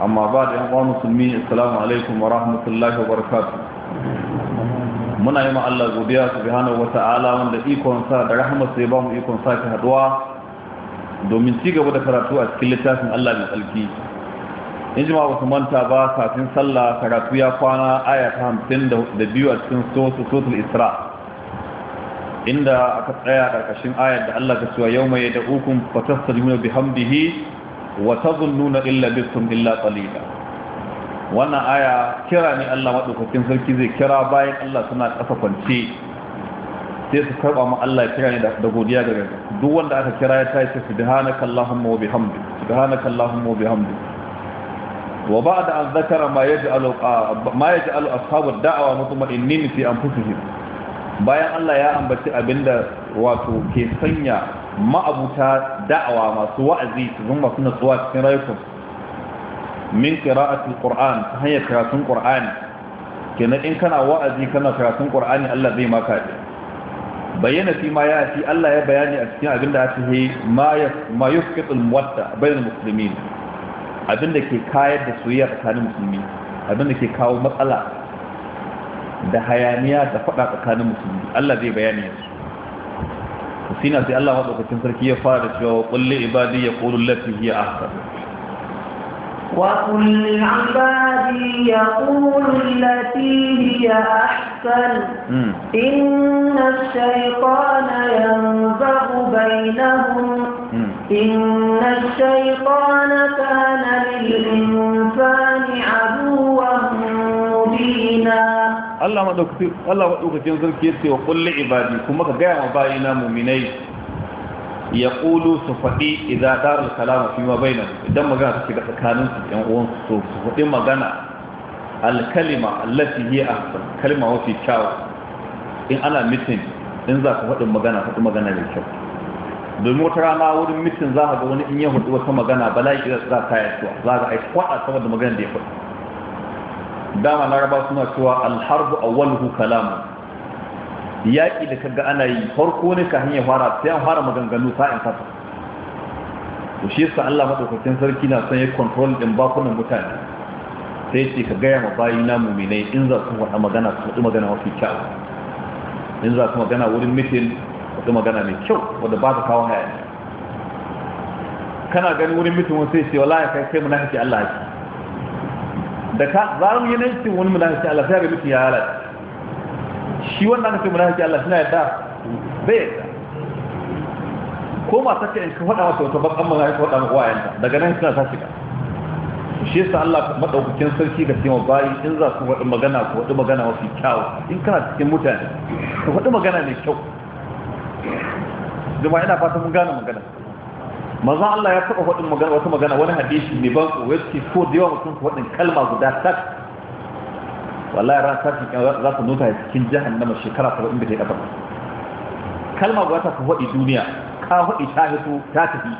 amma ba da yankuwa musulmi assalamu alaikum wa rahmatullahi wa barakatu muna yi Allah godiya su bi hannun wata'ala wanda ikonsa da rahamarsa ya ba mu ikon ki haduwa domin ci gaba da karatu a cikin littafin Allah mai tsarki in ji ma wasu manta ba kafin sallah karatu ya kwana aya ta hamsin da biyu a cikin sosul isra inda aka tsaya karkashin ayar da Allah ka cewa yau mai da ukun fatastar bi bihamdihi wa tazunnuna illa bikum illa qalila wannan aya kira ne Allah madaukakin sarki zai kira bayan Allah suna kasa kwance sai su karba mu Allah kira ne da godiya ga duk wanda aka kira ya tayi sai subhanaka allahumma wa bihamdi subhanaka allahumma wa bihamdi wa ba'da an zakara ma yaj'alu ma yaj'alu ashabu ad-da'wa mutma'innin fi anfusihim bayan Allah ya ambaci abinda wato ke sanya ma'abuta da'awa masu wa'azi su zama suna natsuwa cikin rayukan min qira'atul ƙur'an ta hanyar karatun qur'ani kenan in kana wa'azi kana karatun ƙur'ani Allah zai maka da bayyana fi ma yati Allah ya bayani a cikin abin da ake yi ma ya ma yusqitul muwatta da muslimin abin da ke kayar da soyayya tsakanin musulmi abin da ke kawo matsala da hayaniya da faɗa tsakanin musulmi Allah zai bayani yanzu sina sai Allah madaukakin sarki ya fara da cewa kulli ibadi yaqulu allati hiya ahsan وقل عبادي يقول التي هي أحسن إن الشيطان ينزغ بينهم إن الشيطان كان للإنسان عدوا مبينا Allah madaukakin Allah madaukakin sarki ya ce wa kullu ibadi kuma ka gaya wa bayina mu'minai ya qulu su faɗi idza daral kalam fi ma bainahum idan magana take da tsakanin su ɗan uwan su su faɗi magana al kalima allati hiya ahsan kalima wafi kyau in ana mitin in za ku faɗi magana faɗi magana mai kyau domin wata rana wurin mitin za ka ga wani in ya hudu wata magana bala'i za ka yi za ka aiki kwaɗa saboda magana da ya faɗi dama laraba suna cewa alharbu awwaluhu kalamu yaƙi da kaga ana yi farko ne ka hanyar fara sai an fara maganganu sa'in fata to shi yasa Allah madaukakin sarki na son ya control din bakunan mutane sai ce ka gaya ma bayi na muminai in za su faɗa magana su faɗi magana mafi kyau in za su magana wurin mitin faɗi magana mai kyau wadda ba ta kawo hayani kana ganin wurin mitin wani sai ce wala ya kai kai munafiki Allah ya da ka za mu yi naikin wani munafiki Allah sai ga mutum ya halata shi wannan aka ce munafiki Allah suna yadda bai yadda ko ma saka in ka faɗa masa wata bakan mana ka faɗa maka wayanta daga nan suna ta shiga shi yasa Allah madaukakin sarki ga cewa bayi in za su faɗi magana ku faɗi magana mafi kyau in kana cikin mutane ka faɗi magana mai kyau jama'a ina fata mun gane magana maza Allah ya taɓa faɗin magana wata magana wani hadisi mai ban ko yake ko da yawa mutum faɗin kalma guda tak wallahi ran sati za ta nuka cikin jahannama shekara 70 da ta kafa kalma guda ta faɗi duniya ka faɗi ta hito ta tafi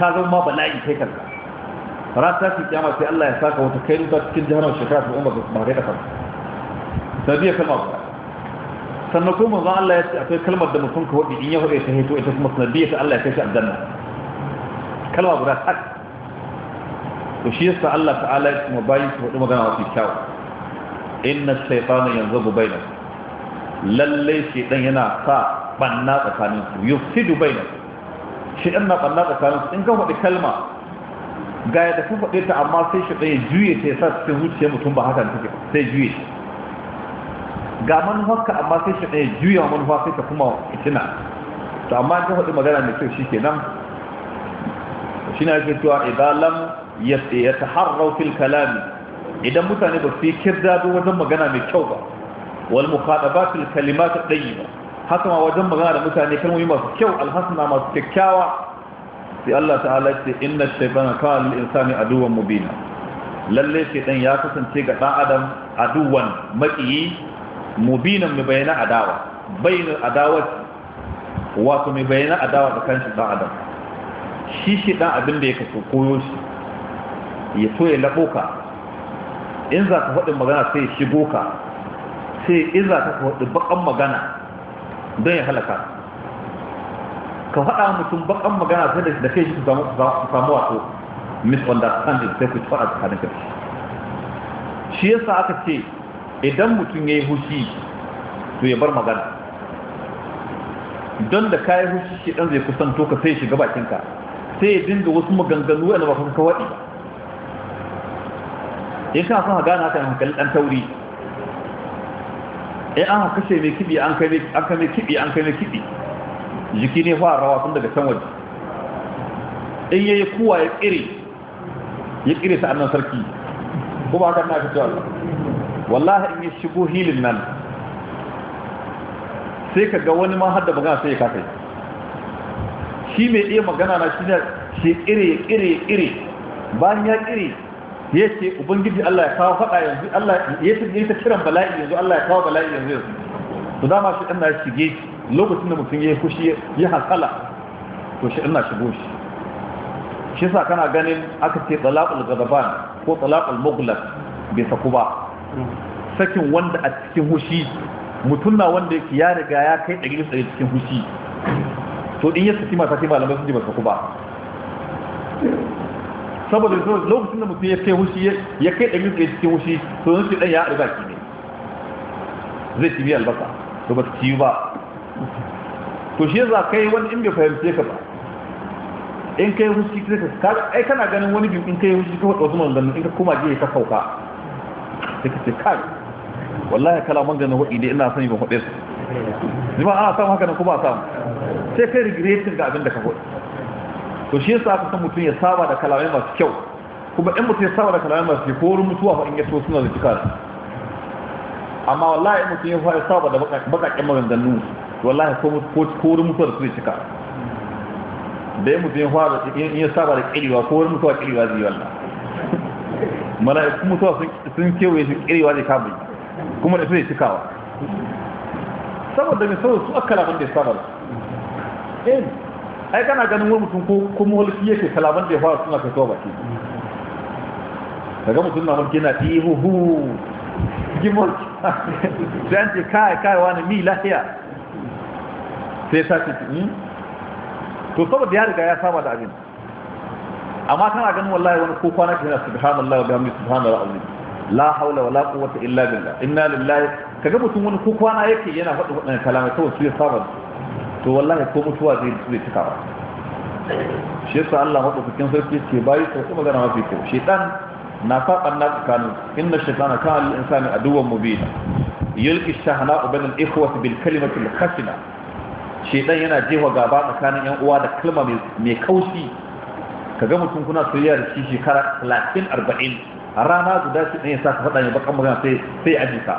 ta zama ma bala'i kai kanka ran sati kiyama sai Allah ya saka wata kai nuka cikin jahannama shekara 70 ba kai kafa sabiya kalma guda sannan kuma manzo Allah ya ce akwai kalmar da mutum ka wadi in ya faɗe ta hito ita kuma sanadiyar Allah ya kai shi aljanna kalma guda tak to shi yasa Allah ta'ala ya kuma bayin su hudu magana mafi kyau inna shaytana yanzabu bainakum lalle dan yana sa banna tsakanin su yufsidu bainakum shaytan na banna tsakanin su in ka faɗi kalma ga yadda ka faɗe ta amma sai dan ya juye ta yasa cikin zuciyar mutum ba haka take sai juye ga manufarka amma sai dan ya juya manufa sai ta kuma fitina to amma in ka faɗi magana mai kyau kenan shine ake cewa idan lam yataharraw fil kalam idan mutane ba su yi kirdado wajen magana mai kyau ba wal mukhatabat al kalimat al tayyiba haka ma wajen magana da mutane kalmomi masu kyau alhasana masu kyakkyawa sai Allah ta'ala ce inna shaytana kana lil insani aduwwan mubina lalle shaytan ya kasance ga dan adam aduwan maƙiyi mubinan mai bayyana adawa bayyana adawa wato mai bayyana adawa da kanshi dan adam shi shi ɗan abin da ya kaso koyo shi ya so ya labo ka in za ka faɗi magana sai ya shigo ka sai in za ka faɗi baƙan magana don ya halaka ka faɗa mutum baƙan magana sai da kai shi su samu wato misunderstanding sai ku faɗa tsakanin kai shi yasa aka ce idan mutum ya yi hushi to ya bar magana don da yi hushi shi ɗan zai kusanto ka sai shiga bakinka sai ya dinga wasu maganganu yana ba kuma kawai in ka sun gane haka hankali ɗan tauri ya an kashe mai kiɓi an kai kiɓi an kame kiɓi jiki ne fara rawa sun daga can waje in yayi kuwa ya ƙiri ya ƙiri ta annan sarki ko ba ka na fito Allah wallahi in yi shigo hilin nan sai ka ga wani ma har da magana sai ya kafa shi mai iya magana na shi shi kire kire kire bayan ya kire ya ce ubangiji Allah ya kawo faɗa yanzu Allah ya ce ta kiran bala'i yanzu Allah ya kawo bala'i yanzu yanzu to dama shi na shige lokacin da mutum ya fushi ya hasala to shi na shigo shi shi sa kana ganin aka ce talaqul ghadaban ko talaqul mughlaq bai saku ba sakin wanda a cikin hushi mutum na wanda ya riga ya kai ɗari cikin hushi to in yasa saki ta sai malamai sun ji ba ku ba saboda lokacin da mutum ya kai hushi ya kai ɗari tsaye cikin hushi to yanzu ɗan ya haɗu ki ne zai ci biya albasa to ba ci ba to shi yasa kai wani in bai fahimce ka ba in kai hushi ka ai kana ganin wani biyu in kai hushi ka wasu ganin in ka kuma je ka sauka sai ka ce kai wallahi kalaman ganin waɗi ne ina son yi ban su jima ana samun haka na kuma a samu sai kai regretin ga abin da ka faɗi to shi yasa aka san mutum ya saba da kalamai masu kyau kuma in mutum ya saba da kalamai masu kyau ko wurin mutuwa fa in ya so suna zuciya su amma wallahi in mutum ya fara saba da bakakken maganganu wallahi ko wurin mutuwa da su cika da ya mutum ya fara in ya saba da kirewa ko wurin mutuwa kirewa zai Mana mala'iku mutuwa sun kewaye su kirewa zai kabin kuma da su ne cikawa saboda mai saboda su aka da ya saba da su ɗaya ne ai kana ganin wani mutum ko kuma wani hulki ke kalaman da ya fara suna fitowa baki daga mutum na mulki na ihu hu gimol sai an ce kai kai wani mi lahiya sai ta ce hmm? to saboda ya riga ya saba da abin amma tana ganin wallahi wani ko kwana kenan subhanallahi wa bihamdihi subhanallahi alazim la haula wala quwwata illa billah inna lillahi kaga mutum wani ko kwana yake yana faɗi waɗannan kalamai kawai su ya saba da su to wallahi ko mutuwa zai zai tuka ba shi yasa Allah cikin sarki ce bayi sai kuma magana mafi kyau Shaiɗan na faɗan na tsakanin inna shaitana kana lil insani aduwwan mubina yulki shahana ubain al ikhwati bil kalimati al khasina shedan yana jefa gaba tsakanin yan uwa da kalma mai kaushi kaga mutum kuna soyayya da shi shekara 30 40 rana guda shi ne ya sa ka faɗa ne bakan magana sai sai ajinka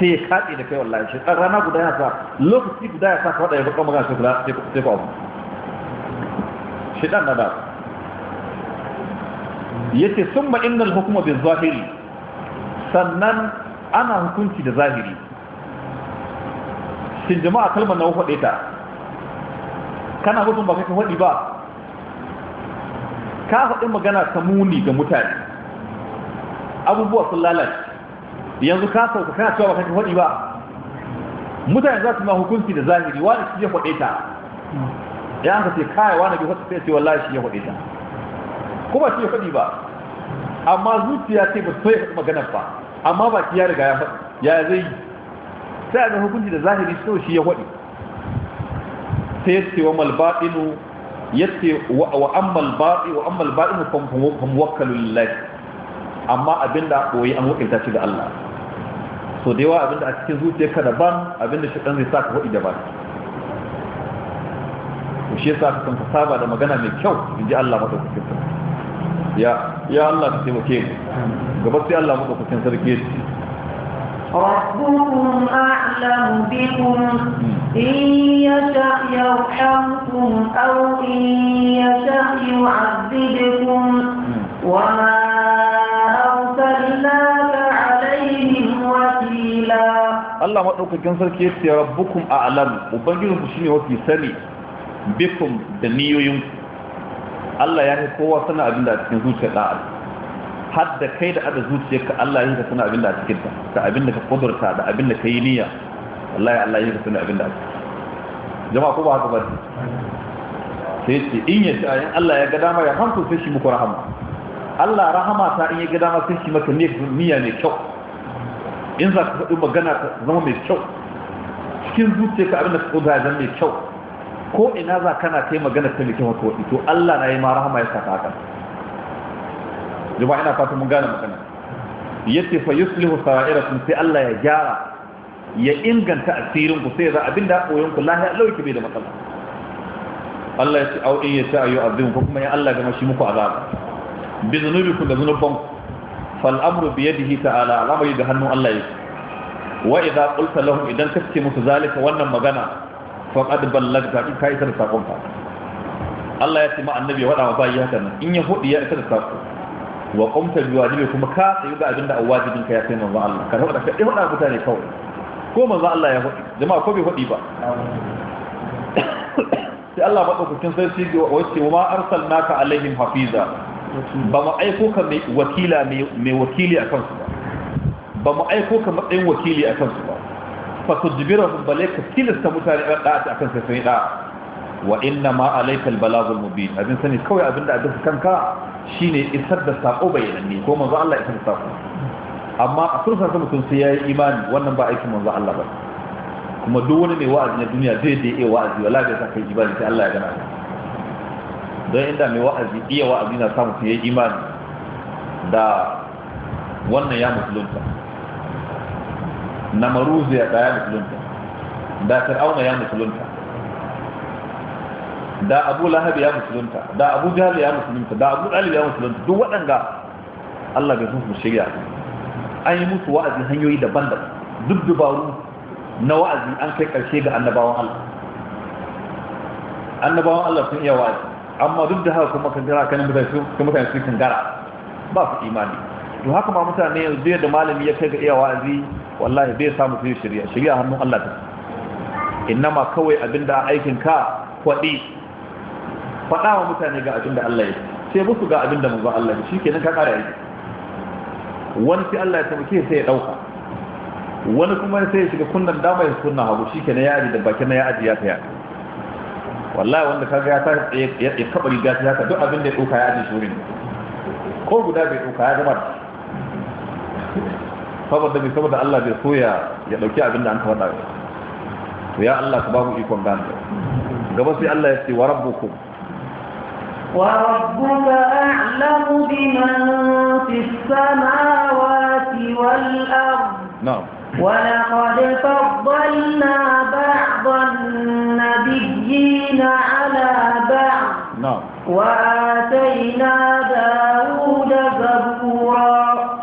sai ya kaɗe da kai wallahi shi rana guda ya sa lokaci guda ya sa ka ya bakon magana shekula sai ku abu shidan na da ya ce sun ba innal hukuma bin zahiri sannan ana hukunci da zahiri shin jama'a kalmar na hudu ta kana hukun ba kake hudu ba ka faɗi magana ta muni ga mutane abubuwa sun lalace yanzu ka sauka kana cewa baka faɗi ba mutane za su ma hukunci da zahiri wani shi ya faɗe ta ya an ka kai wani bi faɗi sai ce wallahi shi ya faɗe ta kuma shi ya faɗi ba amma zuciya ce ba so ya faɗi maganar ba amma ba ya riga ya faɗi ya zai sai a ga hukunci da zahiri so shi ya faɗi sai ya ce wa malbaɗinu ya ce wa ammal baɗi wa ammal baɗinu fa muwakkalu lillahi amma abinda koyi an wakilta shi ga Allah so da yawa abinda a cikin zuciyarka daban abinda shi zai sa ka hudi daban to shi yasa ka san saba da magana mai kyau in ji Allah madaukakin sarki ya ya Allah ka taimake mu gaba sai Allah madaukakin sarki ya ce ربكم أعلم بكم إن يشأ يرحمكم أو إن يشأ يعذبكم وما Allah maɗaukakin sarki ya ce rabbukum a alam ubangijinku shi ne mafi sani bikum da niyoyinku Allah ya kai kowa sana abin da a cikin zuciyar ɗan har da kai da ada zuciyar ka Allah ya yi ka sana abin da a cikin ta da abin da ka kudurta da abin da ka yi niyya Wallahi Allah ya yi ka sana abin da a cikin jama'a ko ba haka ba sai ce in ya sha yin Allah ya ga dama ya hanku sai shi muku rahama Allah rahama ta in ya ga dama sai shi maka niyya mai kyau in za ka faɗi magana ka zama mai kyau cikin zuciya ka abin da ka ƙudura zama mai kyau ko ina za kana ta yi magana ta mai kyau wata waɗi to Allah na yi ma rahama ya sa ka haka jima ina fata mun gane magana yace fa yuslihu sun sai Allah ya gyara ya inganta asirin ku sai za abinda koyon ku lahiya Allah yake bai da matsala Allah ya ce au in yata ayu azim ko kuma ya Allah ga mashi muku azaba bi ku da zunubanku فالأمر بيده تعالى الأمر يدهن الله يك قلت لهم إذا كنت متذلك وأنا مغنى فقد بلغت إن كايسر ساقونك Allah ya ce ma annabi ya wada wa bayi haka nan in ya hudi ya isa da sako wa qumta bi wajibi kuma ka tsayu da abinda a wajibin ya Allah ka ka mutane kawai ko manzo Allah ya hudi jama'a ko bai hudi ba sai Allah madaukakin sai sai wa ma arsalnaka alaihim hafiza ba mu aiko ka wakila mai wakili a kansu ba ba mu aiko ka matsayin wakili a kansu ba fa tudbirahum balai ka tilasta mutane a da'a akan sai sai da'a wa inna ma alaikal balagul mubin abin sani kawai abin da abin kanka shine isar da sako bayananne ko manzo Allah isar da sako amma a sun san mutum sai ya yi imani wannan ba aikin manzo Allah ba kuma duk wani mai wa'azi na duniya zai da yayi wa'azi wala bai sa kai imani sai Allah ya gana don inda mai wa'azi iya wa'azi na samu su imani da wannan ya musulunta na maruziya da ya musulunta da fir'auna ya musulunta da abu lahabi ya musulunta da abu jihali ya musulunta da abu dalib ya musulunta duk waɗanda Allah bai sun shirya an yi musu wa'azi hanyoyi daban-daban duk dubaru na wa'azi an kai ƙarshe ga annabawan Allah annabawan Allah sun iya wa'azi amma duk da haka kuma kankara kan mutane su kankara ba su imani to haka ma mutane yanzu da malami ya kai ga iya wa'azi wallahi bai samu su shari'a. Shari'a hannun Allah ta ma kawai abinda aikin ka kwaɗi faɗa wa mutane ga abinda Allah ya sai musu ga abinda manzo Allah ya kenan ka kare yi. wani sai Allah ya tabbake sai ya dauka wani kuma sai ya shiga kunnan dama ya sunna hagu shikenan ya aji da bakin ya ajiya ya ta yaka wallahi wanda ka ya ta ya kaba riga ta haka duk abin da ya dauka ya ji shurin ko guda bai dauka ya zama saboda bi saboda Allah bai so ya ya dauki abin da an faɗa to ya Allah ka ba mu ikon da gaba sai Allah ya ce wa rabbukum wa rabbuka وَآتَيْنَا دَاوُودَ زَبُورًا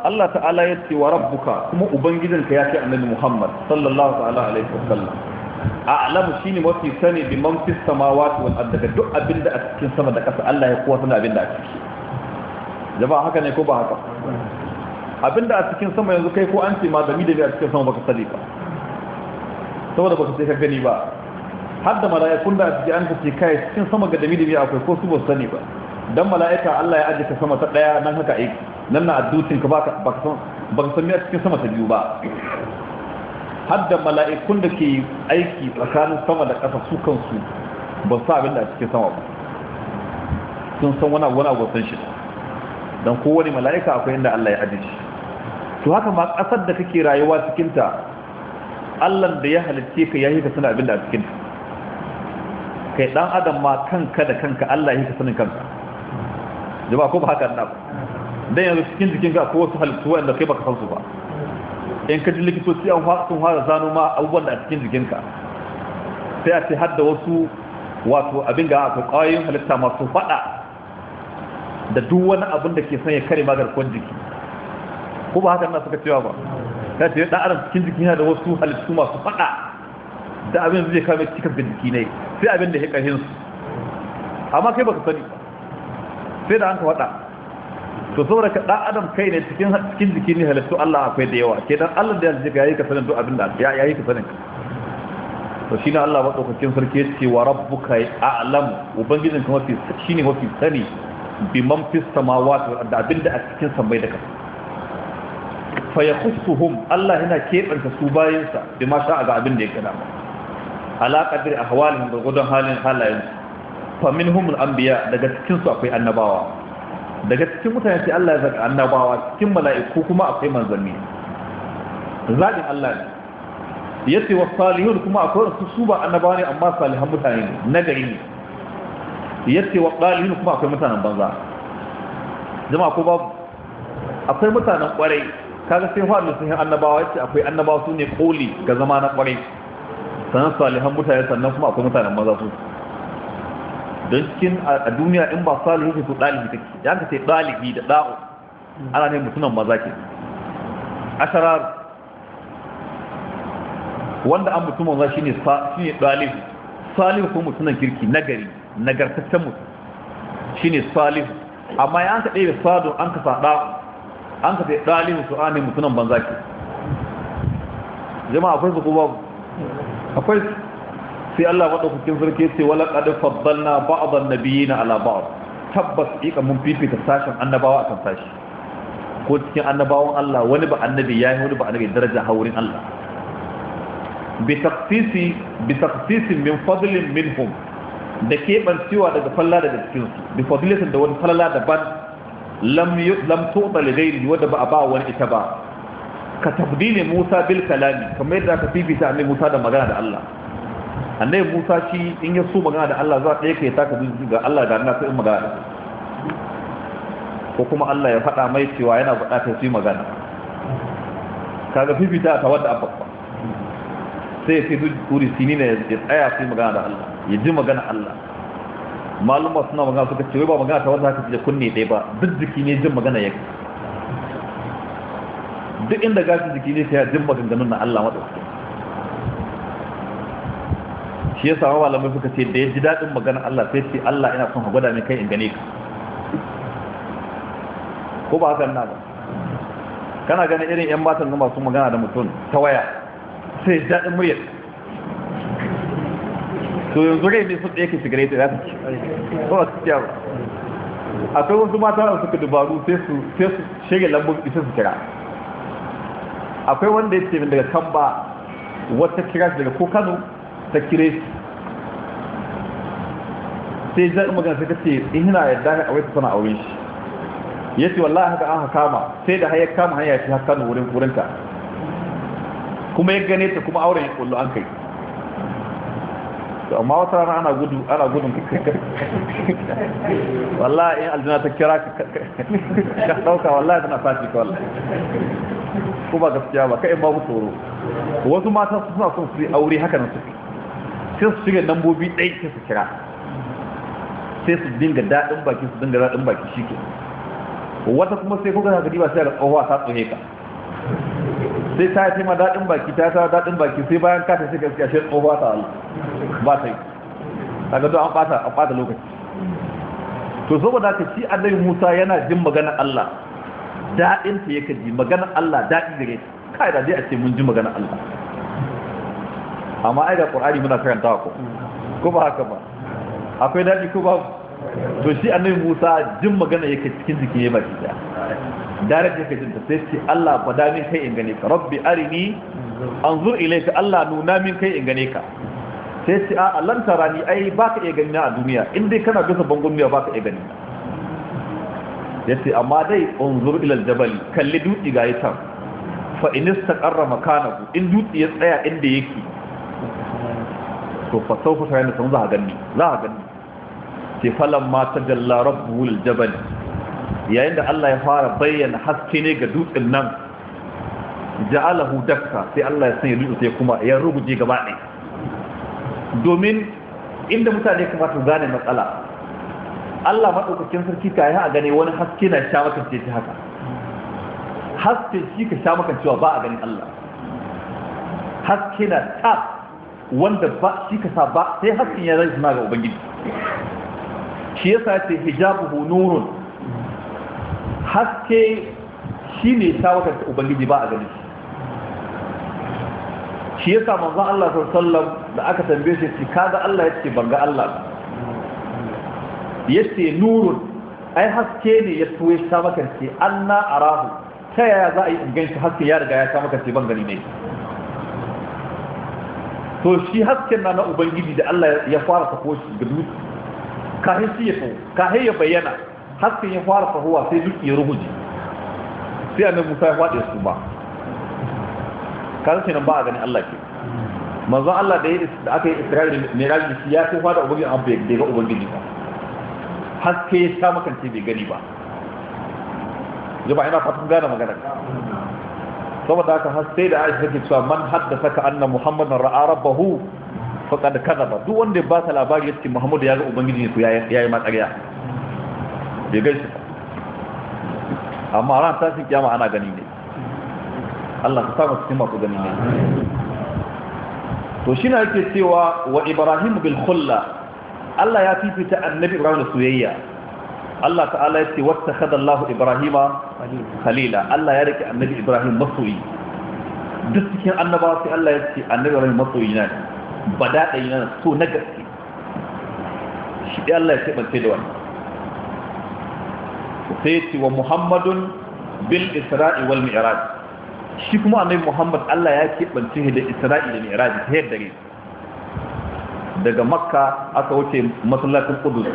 Allah ta'ala ya cewa wa rabbuka kuma ka ya ce annabi Muhammad sallallahu ta'ala alaihi wa sallam a'lamu shine mafi sani bi man fis samawati wal ard duk abinda a cikin sama da ƙasa Allah ya kuwa sani abinda a ciki jama'a haka ne ko ba haka abinda a cikin sama yanzu kai ko an ce ma a cikin sama baka sani ba saboda baka sai ka gani ba har da mala'ikun da ji an ce kai cikin sama ga dami biya akwai ko su ba sani ba dan mala'ika Allah ya aje ka sama ta daya nan haka aiki nan na addutin ka baka baka san baka san me cikin sama ta biyu ba har da mala'ikun da ke aiki tsakanin sama da ƙasa su kansu ba sa abin da a cikin sama ba sun san wani abu wani abu san shi don kowane mala'ika akwai inda Allah ya ajiye shi to haka ma ƙasar da kake rayuwa cikinta Allah da ya halicce ka ya yi ka suna abin da a cikinta kai dan adam ma kanka da kanka Allah yake sanin kanka jama'a ko ba haka nan dan yanzu cikin jikin ka ko wasu halittu wanda kai baka san su ba in ka ji likitoci an fara sun fara zano ma abubuwan da a cikin jikin ka sai a ce hadda wasu wato abin ga akwai kwayoyin halitta masu fada da duk wani abin da ke sanya kare magarkon jiki ko ba haka nan suka cewa ba ta ce ɗan adam cikin jiki yana da wasu halittu masu fada da abin zai kame cikin da ne sai abin da ya ƙarhin su amma kai baka sani sai da an ka waɗa. to saboda ka ɗan adam kai ne cikin cikin jiki ne halittu Allah akwai da yawa ke dan Allah da ya yi ka sanin duk abin da ya yi ka sanin to shine Allah madaukakin sarki ce wa rabbuka alam ubangijin ka mafi shine mafi sani bi man fi samawati da abinda a cikin samai da ka fa hum, Allah yana kebanta su bayinsa bi ma a ga abin da ya ba ala a ahwalihim da gudun halin halayen fa minhum an biya, daga cikin su akwai annabawa daga cikin mutane ce Allah ya zaka annabawa cikin mala'iku kuma akwai manzanni zaɓin Allah ne ce wa salihun kuma akwai su su ba annabawa ne amma salihan mutane ne na gari ne Ya ce wa qalihun kuma akwai mutanen banza jama'a ko babu akwai mutanen ƙwarai, kaga sai fa sun annabawa ce akwai annabawa su ne koli ga zama na ƙwarai. sannan salihan mutane sannan kuma akwai mutanen maza su don cikin a duniya in ba salihu ke su ɗalibi take ya ka ce ɗalibi da ɗa'u ana ne mutunan maza ke asharar wanda an mutumin maza shi ne ɗalibi salihu ko mutunan kirki nagari nagartaccen mutum ne salihu amma ya an ka ɗaya sadun an ka sa ɗa'u an ka ce ɗalibi su ne mutunan banza ke jama'a akwai su ko babu akwai sai Allah madaukakin sarki sai wala qad faddalna ba'd an-nabiyyin ala ba'd tabbas ika mun fifita sashin annabawa akan sashi ko cikin annabawan Allah wani ba annabi yayi wani ba annabi daraja haurin Allah bi taqsisi bi taqsisin min fadlin minhum da keɓancewa daga falla daga cikin su bi fadlisin da wani falla daban lam lam tuqta li ghayri ba a ba wani ita ba ka tafdili musa bil kalami kamar yadda aka fifita amin musa da magana da allah annabi musa shi in ya so magana da allah za a ɗaya ka yi taka ga allah da na sai magana ko kuma allah ya faɗa mai cewa yana faɗa su yi magana kaga fifita a tawar da abba sai ya fi duri sini ne ya tsaya su yi magana da allah ya ji magana allah malumma suna magana suka ce ba magana ta wata haka ce kunne ɗaya ba duk jiki ne jin magana ya duk inda gasu jiki ne sai ya jin maganganun na Allah maɗauki shi ya samu malamai suka ce da ya ji daɗin maganar Allah sai ce Allah ina son gwada mai kai in gane ka ko ba hakan na ba kana ganin irin 'yan matan zama sun magana da mutum ta waya sai daɗin muryar to yanzu rai ne sun ɗaya ke ya ta yata ko a cikiya ba akwai wasu mata da suka dubaru sai su shirya lambun isa su kira akwai wanda ya ce min daga kamba wata kira shi daga ko kano ta kire shi sai jan magana sai ta ce eh, ina yadda a wata sana aure shi ya ce wallahi haka an kama sai da hayar kama hanya shi haka kano wurin kurinta kuma ya gane ta kuma auren ya kullu an kai to amma wata rana ana gudu ana gudun wallahi in aljina ta kira ka dauka wallahi tana fashi ka wallahi ko ba gaskiya ba kai babu tsoro wasu mata suna son su yi aure haka nan suke sai su shiga lambobi dai sai su kira sai su dinga daɗin baki su dinga daɗin baki shi ke wata kuma sai kuka haka diba sai ga tsohuwa ta tsohe ka sai ta yi ma daɗin baki ta ta daɗin baki sai bayan ka ta sai gaskiya sai tsohuwa ta Allah ba ta yi kaga don an fata an bata lokaci to saboda ka shi annabi Musa yana jin magana Allah daɗin ta yake ji magana Allah daɗi da ta kai da dai a ce mun ji magana Allah amma ai da Qur'ani muna karanta ko ko ba haka ba akwai daɗi ko ba to shi annabi Musa jin magana yake cikin jiki ne baki da da yake jin ta sai ce Allah fada min kai in gane ka rabbi arini anzur ilayka Allah nuna min kai in gane ka sai ce a lantara ni ai ba ka iya ganina a duniya inda kana gasa bangon miya ba ka iya ganina ya ce amma dai unzur ilal jabali kalli dutse ga yi can fa karra istaqarra makanahu in dutse ya tsaya inda yake to fa sau fa sayana sun za a ganni za a ganni ce falon mata ta jalla wulil jabali. jabal yayin da Allah ya fara bayyana haske ne ga dutsen nan ja'alahu dakka sai Allah ya sanya dutse kuma ya ruguje gaba ɗaya domin inda mutane kuma su gane matsala Allah maɗaukakin sarki ka yi a gane wani haske na sha makance ce haka haske shi ka sha cewa ba a ganin Allah haske na ta wanda ba shi ka sa ba sai haske ya zai suna ga ubangiji shi yasa ce hijabu nurun haske shi ne sha makance ubangiji ba a ganin shi shi yasa manzon Allah sallallahu da aka tambaye shi ka kada Allah yace ban ga Allah yace nurun ai haske ne ya tuwe ya maka ce anna arahu ta yaya za a yi gan shi haske ya riga ya sha maka ce ban gani ne to shi haske na na ubangiji da Allah ya fara sako shi ga dutse kahin shi ya so kahin ya bayyana haske ya fara fahowa sai dutse ya ruhuje sai annabi Musa ya faɗi su ba kan kenan ba a ganin Allah ke manzo Allah da aka yi isra'il miraji shi ya tafa da ubangiji an bai ga ubangiji ba haske ya sha makance bai gani ba jama'a ina fatan gane magana saboda haka haske da Aisha take cewa man haddasa ka anna Muhammadan ra'a rabbahu faqad kadaba duk wanda ba ta labari yace Muhammad ya ga ubangiji ne ya yi yayi matsariya bai gaishe amma ran tashin kiyama ana gani ne Allah ka samu cikin masu ganin to shi na yake cewa wa ibrahim bil khulla Allah ya fifita annabi ibrahim da soyayya Allah ta'ala ya ce wata kada Allah ibrahima khalila Allah ya rike annabi ibrahim masoyi duk cikin annabawa sai Allah ya ce annabi ibrahim masoyi na bada ɗaya na so na gaske shi dai Allah ya keɓance da wannan sai ce wa muhammadun bil isra'i wal mi'raj shi kuma annabi muhammad allah ya keɓance shi da Isra'ila ne raji ta yadda ne daga makka aka wuce masallacin kudus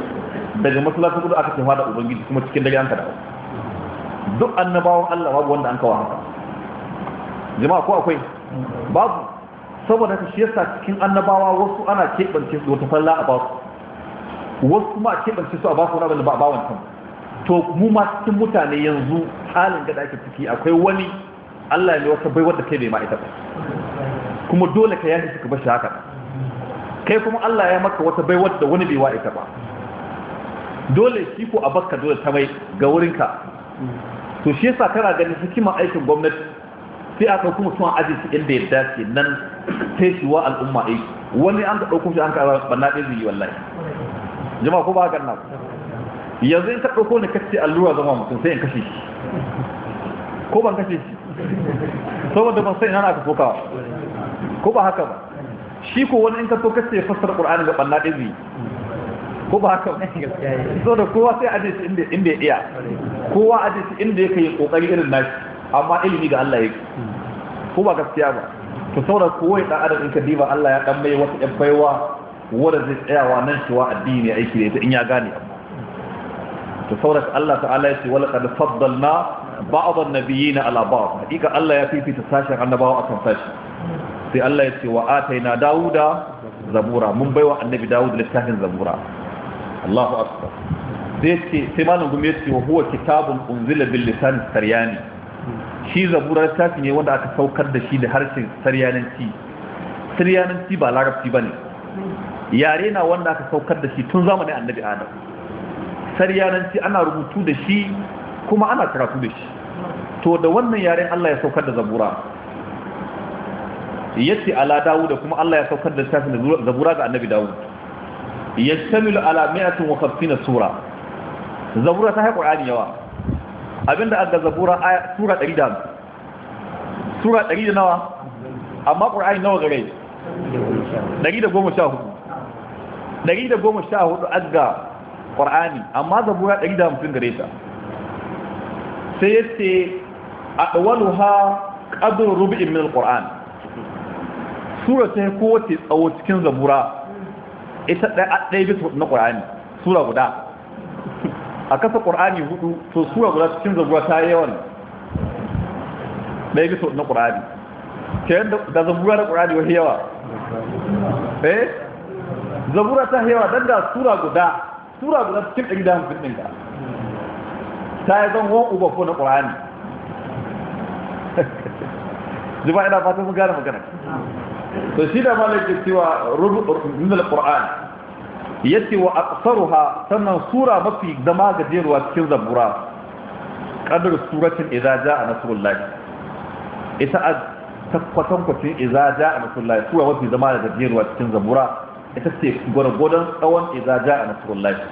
daga masallacin kudus aka tafa da ubangiji kuma cikin dare an ka dawo duk annabawan allah babu wanda an kawo haka jama'a ko akwai babu saboda haka shi yasa cikin annabawa wasu ana keɓance su wata falla a basu wasu kuma a keɓance su a basu wani abin da ba a bawan to mu ma cikin mutane yanzu halin gada ake ciki akwai wani Allah ya wata bai wadda kai bai ma ita ba kuma dole ka yaki suka bashi haka kai kuma Allah ya maka wata bai wadda wani bai wa ita ba dole shi ko a bakka dole ta mai ga wurinka to shi yasa kana ganin hikimar aikin gwamnati sai aka kuma tun aji su inda ya dace nan sai shi wa al'umma aiki wani an ka ɗauko shi an ka banna ɗin zuyi wallahi jama'a ko ba ganna, nan yanzu in ka ɗauko ne kace allura zama mutum sai in kashe shi ko ban kashe shi saboda ban san ina aka sokawa ko ba haka ba shi ko wani in ka so sai fassara qur'ani ga banna dizi ko ba haka ba so da kowa sai aje shi inda inda ya iya kowa aje shi inda yake kokari irin nashi amma ilimi ga Allah yake ko ba gaskiya ba to saboda kowa da adam in ka diba Allah ya dan mai wata yan baiwa wanda zai tsayawa nan shi wa addini aiki da ita in ya gane amma. to saboda Allah ta'ala ya ce wala qad faddalna ba'adun nabiyina ala ba'd hakika Allah ya fifita sashen annabawa akan sashi sai Allah ya ce wa ataina dauda zabura mun baiwa annabi daud littafin zabura Allahu sai malam gumi ya ce huwa kitabun unzila bil lisan saryani shi zabura littafi ne wanda aka saukar da shi da harshen saryananci saryananci ba larabci bane yare na wanda aka saukar da shi tun annabi adam ana rubutu da shi kuma ana karatu da shi to da wannan yaren Allah ya saukar da zabura yace ala dawud kuma Allah ya saukar da tafin zabura ga annabi dawud yastamil ala 150 sura zabura ta qur'ani yawa abinda aka zabura sura 150 sura 100 da nawa amma qur'ani nawa gare 114 114 aga qur'ani amma zabura 150 gare ta sai ya ce a ha ƙadun rubin min al-ƙur'an sura ta yi kowace tsawo cikin zabura ita ɗaya bisa na ƙur'ani sura guda a kasa ƙur'ani hudu to sura guda cikin zabura ta yawan ɗaya bisa na ƙur'ani ke da zabura da ƙur'ani wani yawa eh zabura ta yawa don da sura guda sura guda cikin ɗari da hamsin ɗin ta yi zan wani uba ko na ƙur'ani Zuba ina fatan sun gane magana to shi da malar ke cewa rubutun ƙorani ya ce wa ha sannan sura mafi zama gajeruwa cikin zabura suratun izaja a jaa lafi ita a kwacin izaja a jaa lafi sura mafi zama gajeruwa cikin zabura ita ce gwargwadon tsawon a jaa lafi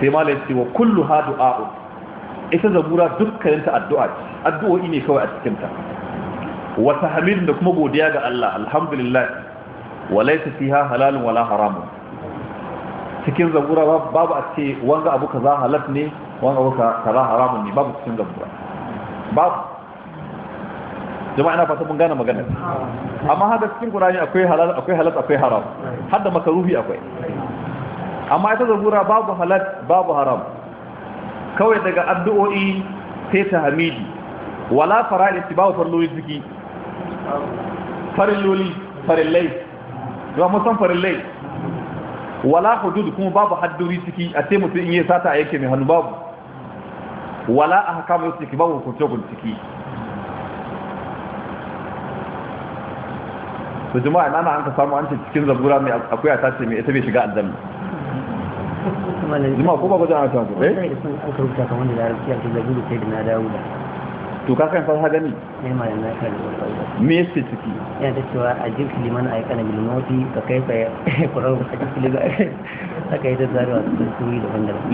sai malai ce wa kullu ha du'a'u ita zabura dukkaninta addu'a ce addu'o'i ne kawai a cikin ta wa tahmid da kuma godiya ga Allah alhamdulillah wa laysa fiha halalun wala haramun cikin zabura babu a ce wanga abu kaza halal ne wanga abu kaza haramun ne babu cikin zabura babu jama'a ina fata mun gane magana amma haka cikin qur'ani akwai halal akwai halal akwai haram hadda makaruhi akwai amma ita zabura babu halal babu haram kawai daga addu'o'i sai ta hamidi wala fara'id babu farloli ciki farilloli farillai ba mu san farillai wala hudud kuma babu hadduri ziki a ce mutum in yi sata a yake mai hannu babu wala a haka mai babu hukunce ciki to jama'a nana an ka samu an ce cikin zabura mai akwai ta ce mai ita bai shiga aljanna jima ko ba ku jama'a ta su eh to ka kan fasaha gani me su ciki yana cewa a a yi ka kai kurar aka yi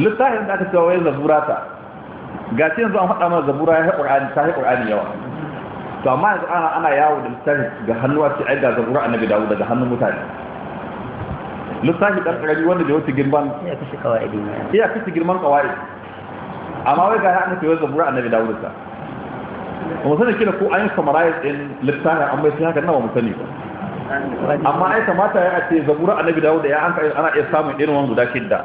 littafin da aka cewa wai zabura ta ga yanzu an faɗa mana zabura ya haƙur'ani ta haƙur'ani yawa to amma yanzu ana yawo da littafin ga hannuwa ce ai ga zabura annabi dawo daga hannun mutane lissafi ɗan ƙarari wanda da wata girman ya kashe girman kawai amma wai gaya an annabi wai zabura annabi dawud sa kuma sanin kina ko ayin samarai din littafin amma bai sai haka nawa mu sani ba amma ai kamata ya ce zabura annabi dawud ya an ana iya samun irin wannan guda kidda.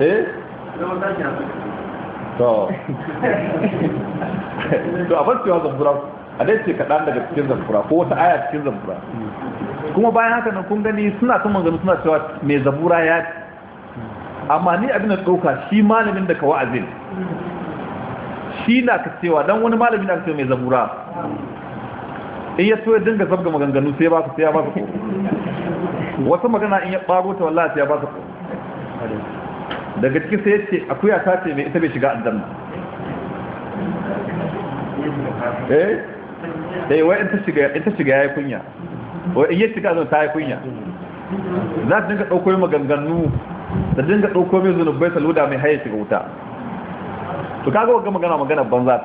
eh to to a bar cewa zabura a dai ce kaɗan daga cikin zamfura ko wata aya cikin zamfura kuma bayan haka nan kun gani suna ta manzanni suna cewa mai zabura ya amma ni abin da ɗauka shi malamin da ka wa'azin shi na ka cewa don wani malamin da aka ce mai zabura in ya so ya dinga zabga maganganu sai ba su, sai ya ba su ko wata magana in ya ɓaro ta wallahi sai ya ba su ko daga cikin sai ya ce akuya ta ce mai ita bai shiga aljanna eh dai eh, wai in ta shiga in ta shiga yayi kunya wai in ya shiga zan ta yi kunya za ta dinga dauko mai maganganu da dinga dauko mai zunubai saluda mai haye shiga wuta to kaga wagga magana magana banza ta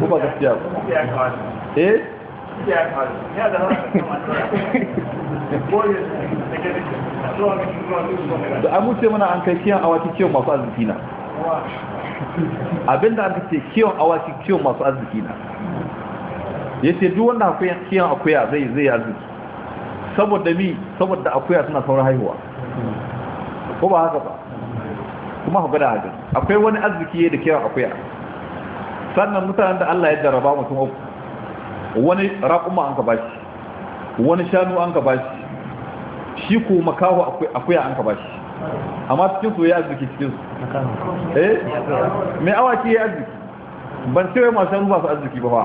ko ba gaskiya ba eh da an wuce mana an kai kiyon awaki kiyon masu arziki na abinda an kai kiyon awaki kiyon masu arziki na ya ce duk wanda kiyan akuya zai zai arziki saboda mi saboda akuya suna sauran haihuwa ko ba haka ba kuma haka da haka akwai wani arziki da kiyan akuya sannan mutanen da Allah ya jarraba mutum uku wani raƙuma an ka bashi wani shanu an ka bashi shi ko makaho akuya an ka bashi amma cikin su ya arziki cikin eh mai awaki ya arziki ban ce wai masu yanzu ba su arziki ba ba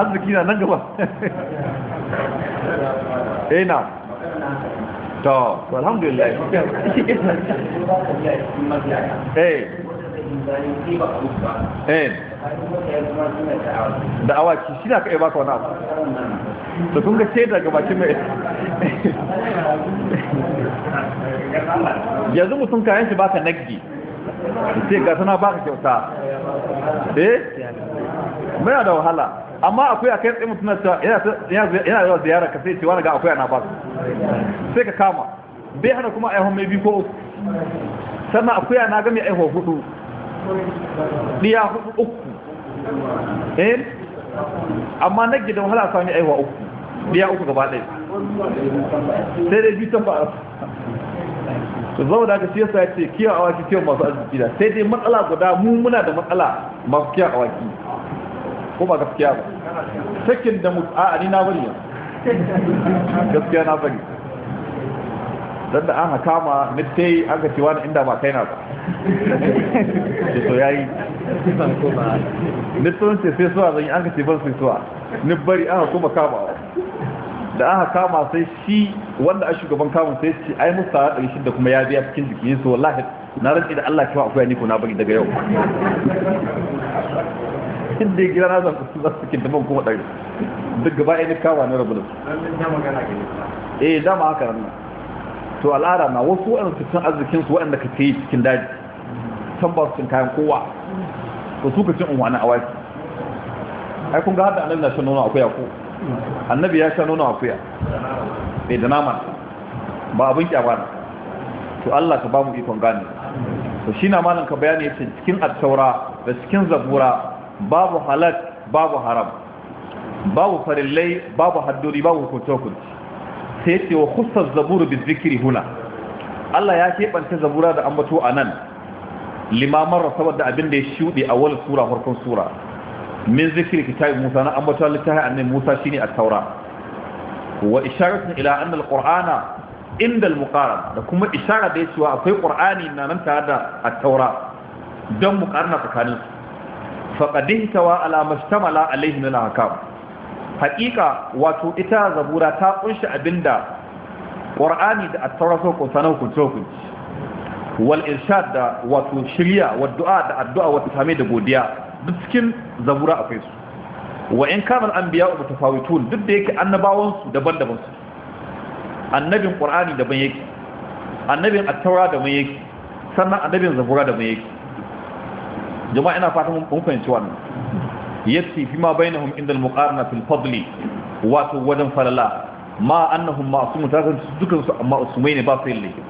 arziki na nan gaba eh na to alhamdulillah eh eh da awaki shi na kai ka wani abu da kun ga shaida ga bakin mai yanzu mutum kayan shi baka naggi sai ga suna baka kyauta eh muna da wahala amma akwai a kai tsaye mutum yana yawa ziyara ka sai cewa ga akwai a ba sai ka kama bai hana kuma a mai biyu ko uku sannan akwai na gami aihuwa hudu ɗiya hudu uku eh amma na gida wahala sami aihuwa uku ɗiya uku gaba ɗaya sai dai biyu ba to zama da siya sa ce kiyan awaki kiyan masu arziki da sai dai matsala guda mu muna da matsala masu kiyan awaki ko ba gaskiya ba sakin da mutu a ni na bari ya gaskiya na bari dan da an haka ma nittai an ka cewa inda ba kai na ba da to yayi nitton ce sai suwa zan yi an ka ce ban sai suwa ni bari an haka kuma kama da aka kama sai shi wanda a shugaban kamun sai ce ai musa da ɗari da kuma ya biya cikin jikin su wallahi na rantsi da Allah cewa akwai niko na bari daga yau inda ya gida na zan kusa za su kinta kuma ɗari duk gaba ya kama na rabu da su eh dama haka nan to al'ada na wasu waɗanda su cin arzikin su waɗanda ka kai cikin daji san ba su cin kayan kowa to su ka cin unwani a waki ai kun ga hada annabi na shan nono akwai ako annabi ya sha nuna akuya mai da naman ba abin kyama to Allah ka ba mu ikon gane to shi na malam ka bayani yace cikin attaura da cikin zabura babu halat babu haram babu farillai babu hadduri babu hukunci sai yace wa kusan zaburu bizikri huna Allah ya keɓanta zabura da ambato nan limaman saboda abin da ya shuɗe a wani sura farkon sura min zikri kitab Musa na ambaton littafin annabi Musa shine at-Taura wa isharatu ila anna al inda da kuma ishara da cewa akwai Qur'ani na nan tare da at-Taura don muqarna tsakanin faqad ihtawa ala mastamala alayhi min al-ahkam haqiqa wato ita zabura ta kunshi abinda Qur'ani da at-Taura so ko sanan ku to wal irshad da wato shirya wa du'a da addu'a wa tafame da godiya duk cikin zabura akwai su wa in kana anbiya wa tafawitun duk da yake annabawan su daban-daban su annabin qur'ani daban yake annabin at-taura daban yake sannan annabin zabura daban yake jama'a ina fata mun fahimci wannan yatti fi ma bainahum inda al-muqarna fil fadli wato wajen falala ma annahum ma'sumun ta san dukkan su amma usmai ne ba su yin laifi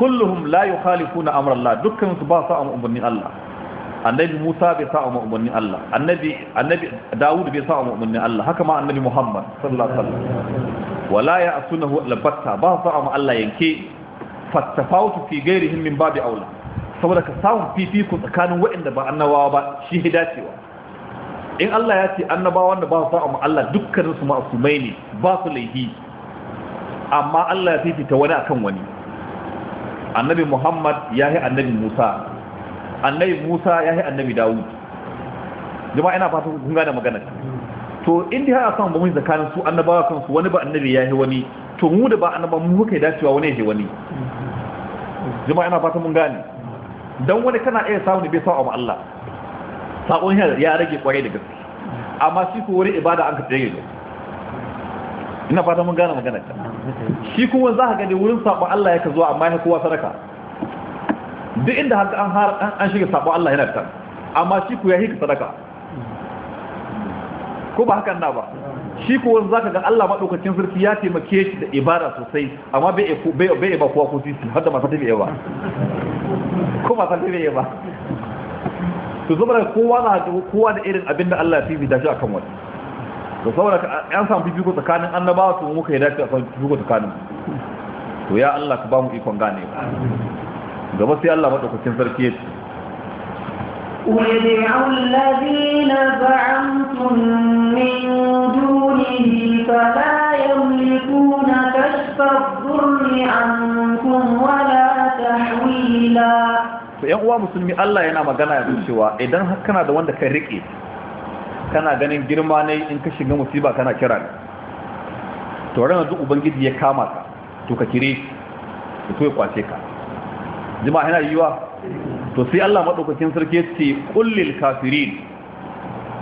kulluhum la yukhalifuna amra Allah dukkan su ba su amma umarnin Allah annabi Musa bai sa mu Allah annabi annabi Dawud bai sa mu Allah haka ma annabi Muhammad sallallahu alaihi wasallam wala ya'sunahu labatta ba sa mu Allah yanke fattafawtu fi ghairihim min babi aula saboda ka samu fifiku tsakanin waɗanda ba annabawa ba shi hidacewa in Allah ya ce annabawa wanda ba sa mu Allah dukkanin su ma'sumai ne ba su laihi amma Allah ya fifita wani akan wani annabi Muhammad ya yi annabi Musa annabi Musa ya yi annabi Dawud jama'a ina fata kun gane magana to in dai har san ba mun zakarin su annabawa kansu wani ba annabi ya yi wani to mu da ba annaba mu kai dacewa wani ya wani jama'a ina fata mun gane dan wani kana iya samu ne bai sa wa Allah sakon ya rage kwarai da gaske amma shi ko wani ibada an ka tsaye ne ina fata mun gane magana shi kuma za ka gani wurin sabon Allah ya ka zuwa amma ya kowa sadaka duk inda haka an har an shiga sabo Allah yana ta amma shi ku ya hika sadaka ko ba hakan na ba shi ku wanda zaka ga Allah madaukakin sarki ya taimake shi da ibada sosai amma bai bai bai ba kuwa ko sisi har da ma fata bai ba ko ba fata bai ba to saboda kowa na kowa da irin abin da Allah ya fi da shi akan wani to saboda an samu fifiko tsakanin annabawa to muka yi shi a samu fifiko tsakanin to ya Allah ka ba mu ikon gane gaba sai Allah madaukakin sarki ya ce ودعوا to yan uwa musulmi Allah yana magana yanzu cewa idan har kana da wanda ka rike kana ganin girma ne in ka shiga musiba kana kira ne to ran yanzu ubangiji ya kama ka to ka kire shi to ya kwace ka Jama'a yana yiwa to sai Allah madaukakin sarki ce kullil kafirin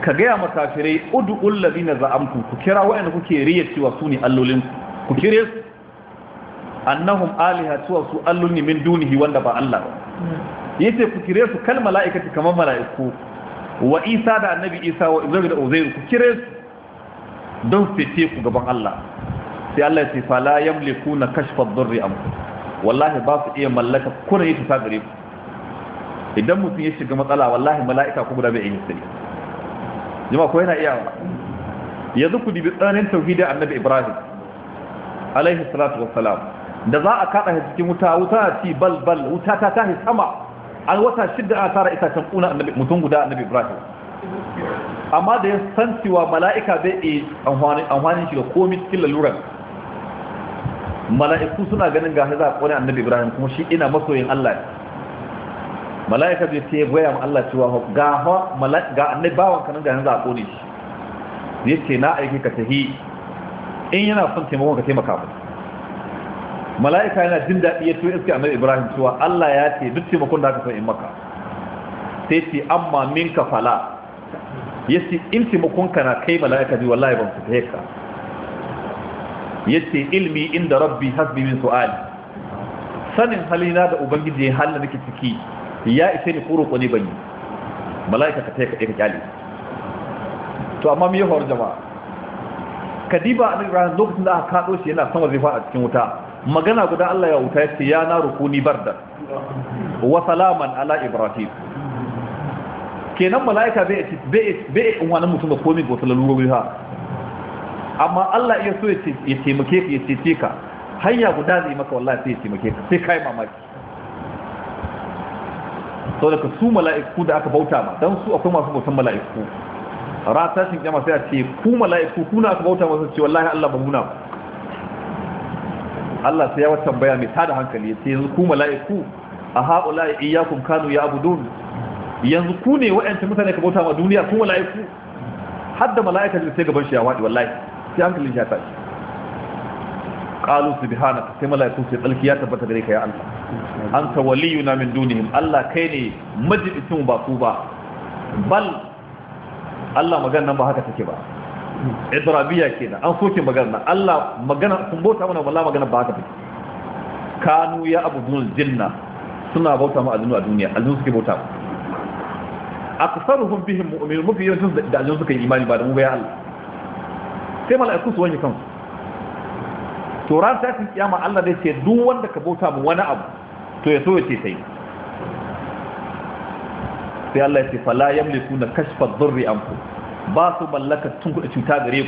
ka gaya ma makafirai ud'ul ladina za'amtu ku kira wa'anda kuke riya cewa su ne allolin ku kire su annahum aliha tuwa su allolin min dunihi wanda ba Allah yace ku kire su kal mala'ikati kamar mala'iku wa Isa da annabi Isa wa Ibrahim da Uzair ku kire su don fite ku gaban Allah sai Allah ya ce fala yamlikuna kashfa ad-darri ankum wallahi ba su iya mallaka kuna yi tuta gare ku idan mutum ya shiga matsala wallahi mala'ika ko guda bai yi sani jama'a ko yana iyawa yanzu ku dibi tsananin tauhidin annabi ibrahim alaihi salatu wassalam da za a kada cikin wuta wuta ci bal bal wuta ta tahi sama an wata shidda a tara itacen kuna annabi mutum guda annabi ibrahim amma da ya san cewa mala'ika bai yi amfanin shi ga komi cikin laluran mala'iku suna ganin ga za a kone annabi ibrahim kuma shi ina masoyin allah mala'ika zai ce goya ma allah cewa ga ga annabi bawan kanin ga za a kone shi ya ce na aiki ka tahi in yana son taimakon ka taimaka ba. mala'ika yana jin daɗi ya to iske annabi ibrahim cewa allah ya ce duk taimakon da aka son in maka sai ce amma ka fala ya ce in taimakon ka na kai mala'ika bi wallahi ban su ka yace ilmi inda rabbi hasbi min su'al sanin halina da ubangiji ya halin nake ciki ya ishe ni kuro ne bani mala'ika ka taya ka kyale to amma me yawar jama'a kadiba an ran lokacin da aka kado shi yana sama zai fada cikin wuta magana guda Allah ya wuta yace ya na rukuni barda wa salaman ala ibrahim kenan mala'ika bai bai bai wannan mutum da komai go salaluro ha amma Allah iya so ya taimake ka ya cece ka hanya guda zai maka wallahi sai ya taimake ka sai kai mamaki sau da su mala'iku da aka bauta ma don su akwai masu bautan mala'iku rata shin kyama sai a ce ku mala'iku kuna aka bauta masu ce wallahi Allah ba muna Allah sai ya wata tambaya mai tada hankali ya ce yanzu ku mala'iku a haula iyyakum kanu ya abudun yanzu ku ne wa'yanta mutane ka bauta ma duniya ku mala'iku hadda mala'ika da sai gaban shi ya wadi wallahi sai hankalin shi ya tashi qalu subhanaka sai malaiku sai tsalki ya tabbata gare ka ya Allah anta waliyuna min dunihim Allah kai ne majalisin ba ku ba bal Allah magana nan ba haka take ba idrabiya kenan an soke magana Allah magana sun bauta mana wallahi magana ba haka take kanu ya abudul jinna suna bauta ma aljinu a duniya aljinu suke bauta aksaruhum bihim mu'minun mafi yawancin da aljinu suka yi imani ba da mu ba ya Allah sai mala'iku su wanke kansu to ran kin kiyama Allah zai ce duk wanda ka bauta mu wani abu to ya so ya ce sai sai Allah ya ce la yamliku na kashfa dhurri anku ba su mallaka tun kuɗa cuta gare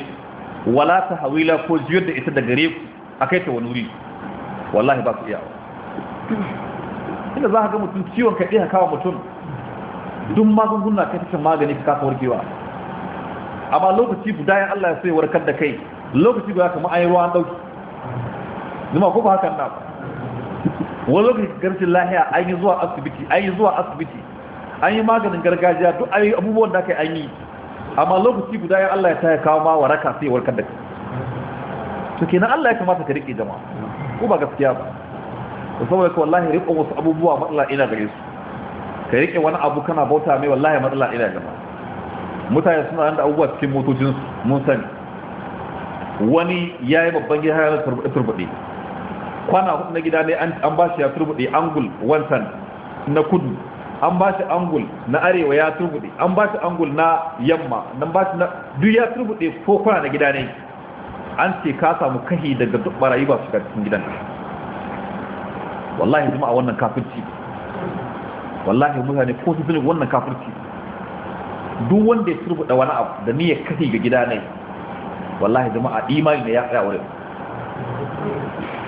ku wala ta hawila ko jiyar da ita da gare ku akai ta wani wuri wallahi ba su wa inda za ka ga mutum ciwon kaɗe ka kawo mutum duk magunguna ka ta magani ka kafa warkewa amma lokaci guda ya Allah ya sai warkar da kai lokaci guda kamar ayi ruwan dauki zuma ko ba hakan na wani lokaci garcin lahiya an yi zuwa asibiti an yi zuwa asibiti an yi maganin gargajiya duk ayi abubuwan da kai an yi amma lokaci guda ya Allah ya ta kawo ma waraka sai warkar da kai to kenan Allah ya kamata ka rike jama'a ko ba gaskiya ba saboda ko wallahi rike wasu abubuwa matsala ina gare su ka rike wani abu kana bauta mai wallahi matsala ina jama'a mutane suna da abubuwa cikin motocin mun sani wani ya yi babban gida ya turbuɗe kwana hudu na gida ne an ba shi ya turbuɗe angul wantan na kudu an ba shi angul na arewa ya turbuɗe an ba shi angul na yamma nan ba shi na duk ya turbuɗe ko kwana na gida ne an ce ka samu kahi daga duk barayi ba su cikin gidan wallahi jama'a wannan kafirci wallahi mutane ko su fi wannan kafirci duk wanda ya turbuɗa wani abu da ni ya kafi ga gida ne wallahi jama'a imani ne ya tsaya wurin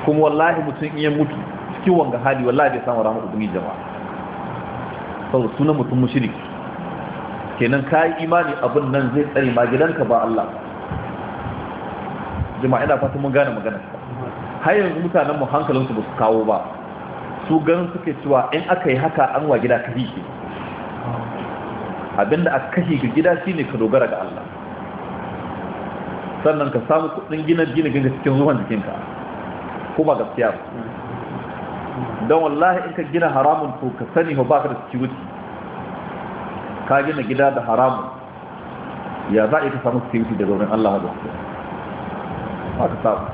kuma wallahi mutum iya mutu cikin wanga hali wallahi bai samu rahmatu ubangiji jama'a da sunan mutum mushriki kenan ka yi imani abin nan zai tsare ma gidanka ba Allah jama'a ina fatan mun gane magana har yanzu mutanen mu hankalinsu ba su kawo ba su ganin suke cewa in aka yi haka an wa gida kafi ke abinda aka kashe ga gida shine ka dogara ga Allah sannan ka samu kudin gina gina gina cikin ruwan jikinka ko ba gaskiya ba don wallahi in ka gina haramun to ka sani ba ka da wuce ka gina gida da haramun ya za a ka samu security daga wurin Allah ba ka samu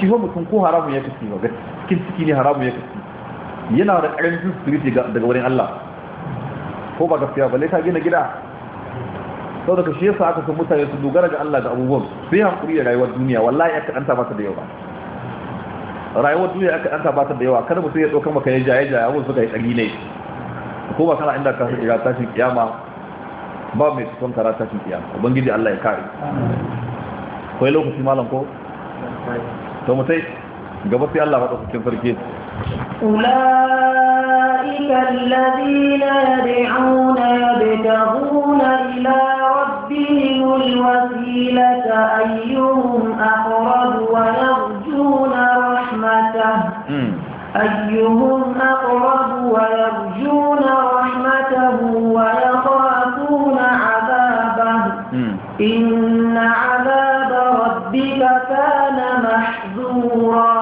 shi ho mutum ko haramun ya kasi ba cikin ciki ne haramun ya kasi yana da ƙarancin security daga wurin Allah ko ba gaskiya ba ka gina gida sau daga shi yasa aka sun mutane su dogara ga Allah da abubuwan sai hankuri da rayuwar duniya wallahi aka ɗanta ba ta da yawa rayuwar duniya aka ɗanta ba ta da yawa kada mutum ya tsokar maka ya jaye jaye abun suka yi ɗari ne ko ba kana inda ka san ira tashin kiyama ba mai son kara tashin kiyama ubangiji Allah ya kare kai lokaci malam ko to mutai gaba sai Allah ba ta cikin sarki أولئك الذين يدعون يبتغون إلى ربهم الوسيلة أيهم أقرب ويرجون رحمته أيهم أقرب ويرجون رحمته ويخافون عذابه إن عذاب ربك كان محذورا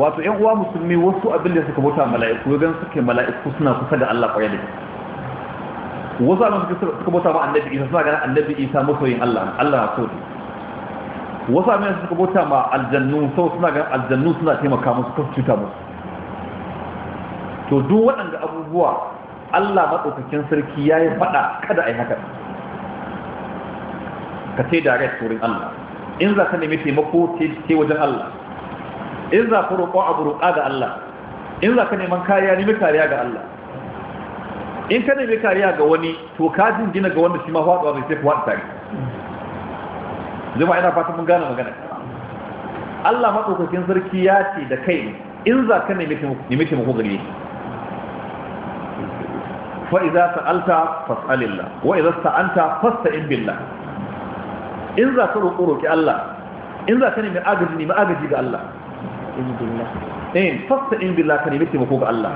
wato ƴan uwa musulmi wasu abin da suka bauta mala'iku gan suke mala'iku suna kusa da Allah kwaye da wasu abin suka bauta ma annabi isa suna ganin annabi isa masoyin Allah Allah so ne wasu abin suka bauta ma aljannu sau suna ganin aljannu suna taimaka musu kan cuta musu to duk waɗanda abubuwa Allah maɗaukakin sarki ya yi faɗa kada a yi haka ka ce da rai turin Allah in za ka nemi taimako ce wajen Allah in za ku roƙo a buruƙa ga Allah in za ka neman kariya nemi kariya ga Allah in ka nemi kariya ga wani to ka gina ga wanda shi ma faɗuwa mai sai ku haɗu tare Zuma ina fatan mun gane magana Allah maɗaukakin sarki ya ce da kai in za ka nemi taimako gare shi fa'iza sa'alta fas'alillah idza sa'anta fasta'in billah in za ka roƙo roƙi Allah in za ka nemi agaji nemi agaji ga Allah in eh fasta'in billah ka nemi taimako ga Allah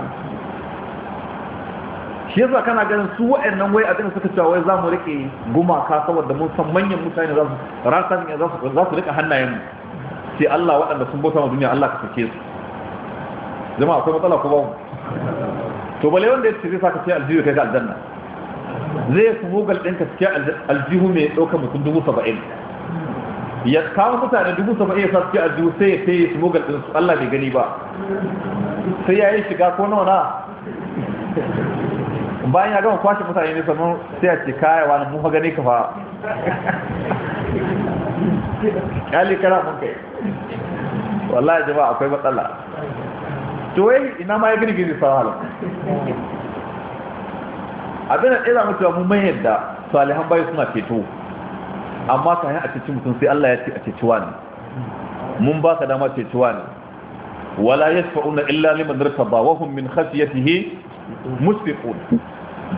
shi yasa kana ganin su nan wai abin suka cewa wai zamu rike gumaka saboda mun san manyan mutane za su rasa ne za su za su rika hannayen mu sai Allah waɗanda sun bauta ma duniya Allah ka sake su jama'a akwai matsala ko babu to bale wanda ya tsire saka sai aljihu kai ga aljanna zai fi mugal ɗinka cikin aljihu mai ɗaukar mutum dubu saba'in ya kawo mutane dubu saba iya sa suke aljihu sai ya sai ya su mogal su Allah bai gani ba sai ya yi shiga ko nawa na bayan ya gama kwashe mutane ne sannan sai a ce kaya wani mun gani ka fa ƙali kana mun kai wallahi jama akwai matsala to wai ina ma ya gini gini sa halin abin da ɗaya mutuwa mun mai yadda salihan bayan suna fito. amma kayan a cikin mutum sai Allah ya ce a ceci wani mun ba ka dama ceci wani wala ya yashfa'una illa liman irtada wa hum min khashyatihi musfiqun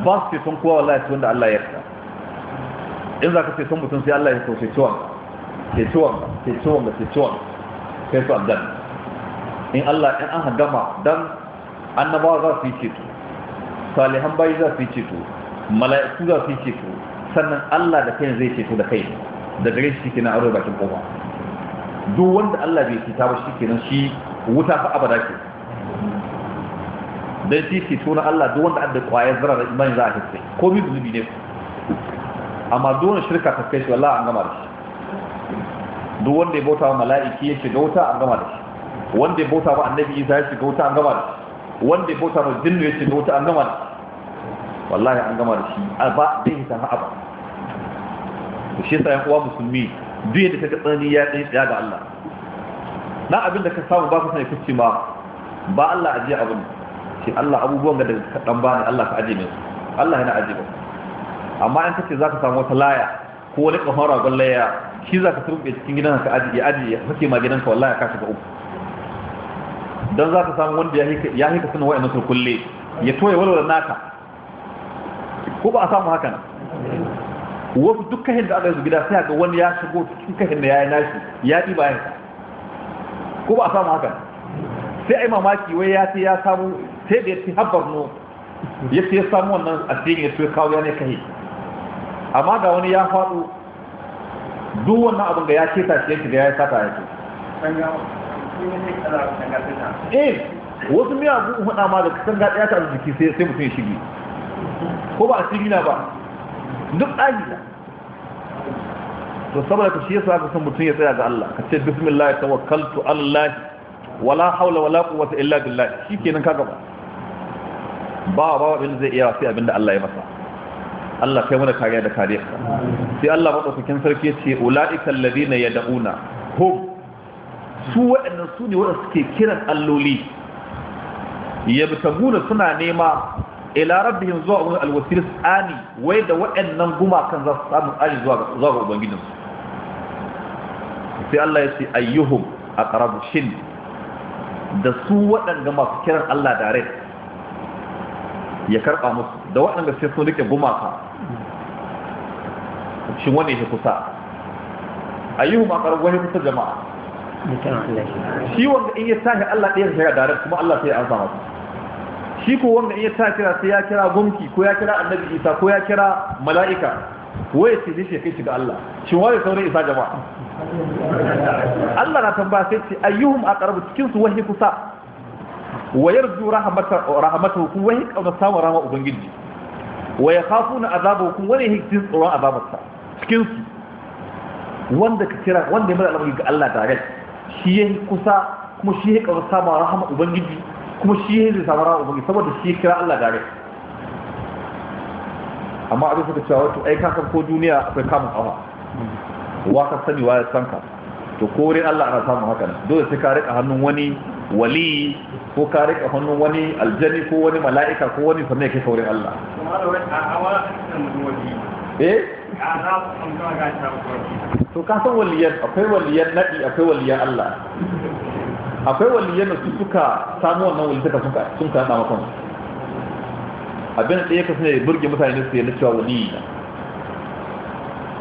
ba su ce sun kowa wallahi wanda Allah ya yarda in za ka ce sun mutum sai Allah ya so ceci wani ceci wani ceci wani ceci wani sai su abdan in Allah in an haddama dan annabawa za su yi ceto salihan bayi za su yi ceto mala'iku za su yi ceto sannan Allah da kai zai ceto da kai da gare shi kenan a bakin kofa duk wanda Allah bai cita ba shi kenan shi wuta fa abada ke dan shi ceto na Allah duk wanda adda kwaya zara da imani za a kace ko bi zubi ne amma duk wanda shirka ta kai shi wallahi an gama da shi duk wanda ya bauta wa mala'iki ya shiga wuta an gama da shi wanda ya bauta wa annabi Isa ya shiga wuta an gama da shi wanda ya bauta wa jinnu ya shiga wuta an gama da shi wallahi an gama da shi ba zai hita ha'aba. ba to shi yasa yan uwa musulmi duk yadda kaga tsani ya tsaye tsaya ga Allah na abin da ka samu ba ka sani kace ma ba Allah aje abin shi Allah abubuwan da ka dan bani Allah ka aje ne Allah yana aje ba amma in kace zaka samu wata laya ko wani kafar ragon laya shi zaka turbe cikin gidanka ka aje aje ya fake ma gidanka wallahi ka shiga uku dan zaka samu wanda ya hika sanin wa'annan kulle ya toye walwala naka ko ba a samu haka nan wasu duk hin da aka yi gida sai ga wani ya shigo cikin kahin da ya yi nashi ya ɗi bayan ko ba a samu haka sai ai mamaki wai ya ce ya samu sai da ya ci habbar no ya ce ya samu wannan asirin ya ce kawo ya ne kai. amma ga wani ya faɗo duk wannan abin da ya ce ta yanki da ya yi sata ya ce eh wasu miyagun hudu ma da kasar gaɗa ya ta arziki sai mutum ya shige ko ba asiri na ba duk ajina to saboda ka shi yasa ka san mutum ya tsaya ga Allah ka ce bismillah wakaltu Allah wala haula wala quwwata illa billah shikenan ka gaba ba ba abin zai iya sai abinda Allah ya masa Allah kai mana kariya da kariya sai Allah madaukakin sarki ce ulaika alladhina yad'una hum su waɗannan su ne waɗanda suke kiran alloli yabtaguna suna nema ila rabbihim zuwa wani alwasir tsani wai da waɗannan gumakan za su samu aji zuwa ga ubangijin sai Allah ya ce ayyuhum a ƙarabushin da su waɗanda masu kiran Allah dare ya karɓa musu da waɗanda sai sun rike gumaka shi wani ya kusa ayyuhum a ƙarabushin wani kusa jama'a shi wanda in ya tashi Allah ɗaya shiga dare kuma Allah sai ya an samu shi ko wanda in ya ta kira sai ya kira gumki ko ya kira annabi isa ko ya kira mala'ika waye ce zai kai shiga Allah shin waye sauran isa jama'a Allah na tambaya sai ce ayyuhum aqrabu cikin su wahi kusa wa yarju rahmatar rahmatu ku wahi kauna samu rahma ubangiji wa yakhafuna azabu ku wani hikin tsoron azabarsa cikin su wanda ka kira wanda ya mara alamun ga Allah tare shi yahi kusa kuma shi ya kauna samu rahma ubangiji kuma shi zai samu rahama ubangi saboda shi kira Allah gare amma abin suka cewa wato ai kasar ko duniya akwai kamun kafa wa ka sani wa ya san ka to ko wurin Allah ana samun haka nan dole sai ka rika hannun wani wali ko ka rika hannun wani aljani ko wani mala'ika ko wani sannan kai wurin Allah eh? to ka san waliyan akwai waliyan nadi akwai waliyan Allah akwai waliyan da su suka samu wannan suka sun ka nada makon abin ɗaya ka ne burge mutane su na cewa wali na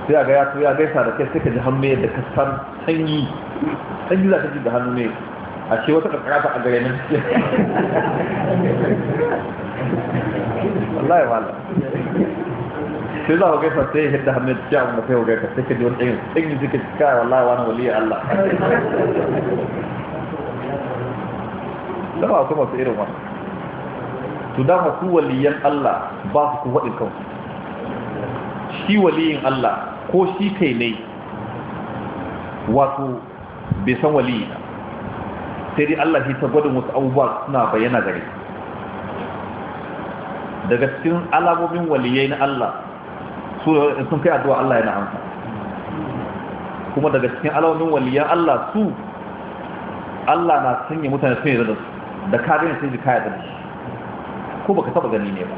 sai a ga ya to ya gaisa da kai sai ka ji hannu yadda ka san sanyi sanyi za ta ji da hannu ne a ce wata kakara ta a gare nan wallahi wala sai za ku gaisa sai ya hidda hannun cikin abin da kai ku gaisa sai ka ji wani ɗayin sanyi suka ji kawai wallahi wani waliyan allah da ba su masu irin wasu to dama su waliyan Allah ba su ku waɗin kansu shi waliyin Allah ko shi kai ne wato bai san waliyi na sai dai Allah shi ta gwadin wasu abubuwa suna bayyana gare daga cikin alamomin waliyai na Allah su sun kai addu'a Allah yana amsa kuma daga cikin alamomin waliyan Allah su Allah na sanya mutane sun yi da su da ka gani sai jika ya da shi ko baka taba gani ne ba